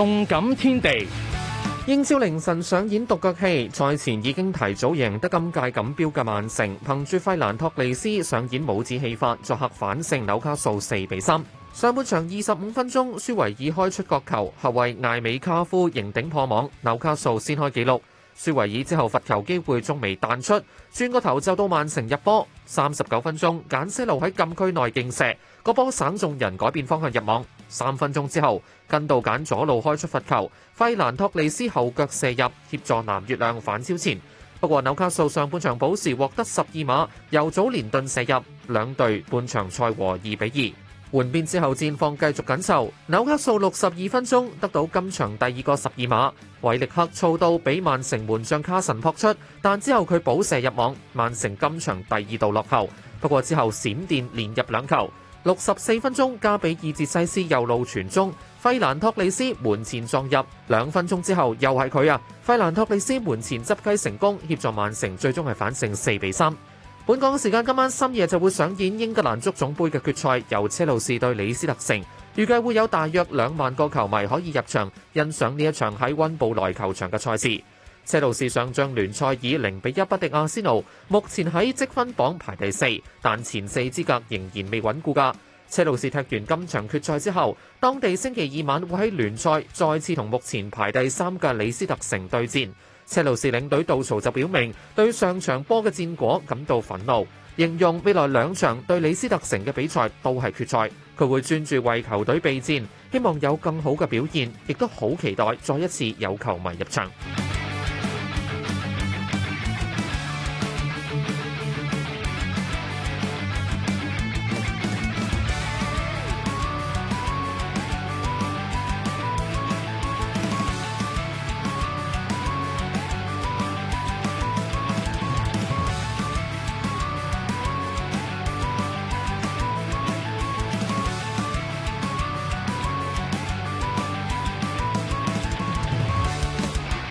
動感天地，英超凌晨上演獨腳戲，賽前已經提早贏得今屆錦標嘅曼城，憑住費蘭托利斯上演帽子戲法，作客反勝紐卡素四比三。上半場二十五分鐘，舒維爾開出角球，後衛艾美卡夫迎頂，頂破網，紐卡素先開紀錄。舒維爾之後罰球機會仲未彈出，轉個頭就到曼城入波。三十九分鐘，簡西路喺禁區內勁射，那個波省眾人改變方向入網。三分鐘之後，根道簡左路開出罰球，費蘭托利斯後腳射入，協助藍月亮反超前。不過紐卡素上半場補時獲得十二碼，由祖連頓射入，兩隊半場賽和二比二。換邊之後戰況繼續緊湊，紐卡素六十二分鐘得到今場第二個十二碼，韋力克操刀俾曼城門將卡神撲出，但之後佢補射入網，曼城今場第二度落後。不過之後閃電連入兩球。六十四分鐘，加比爾捷西斯右路傳中，費蘭托利斯門前撞入。兩分鐘之後又是他，又係佢啊！費蘭托利斯門前執雞成功，協助曼城最終係反勝四比三。本港時間今晚深夜就會上演英格蘭足總杯嘅決賽，由車路士對李斯特城。預計會有大約兩萬個球迷可以入場欣賞呢一場喺溫布萊球場嘅賽事。車路士上仗聯賽以零比一不敵阿仙奴，目前喺積分榜排第四，但前四資格仍然未穩固。噶車路士踢完今場決賽之後，當地星期二晚會喺聯賽再次同目前排第三嘅李斯特城對戰。車路士領隊杜曹就表明對上場波嘅戰果感到憤怒，形容未來兩場對李斯特城嘅比賽都係決賽，佢會專注為球隊備戰，希望有更好嘅表現，亦都好期待再一次有球迷入場。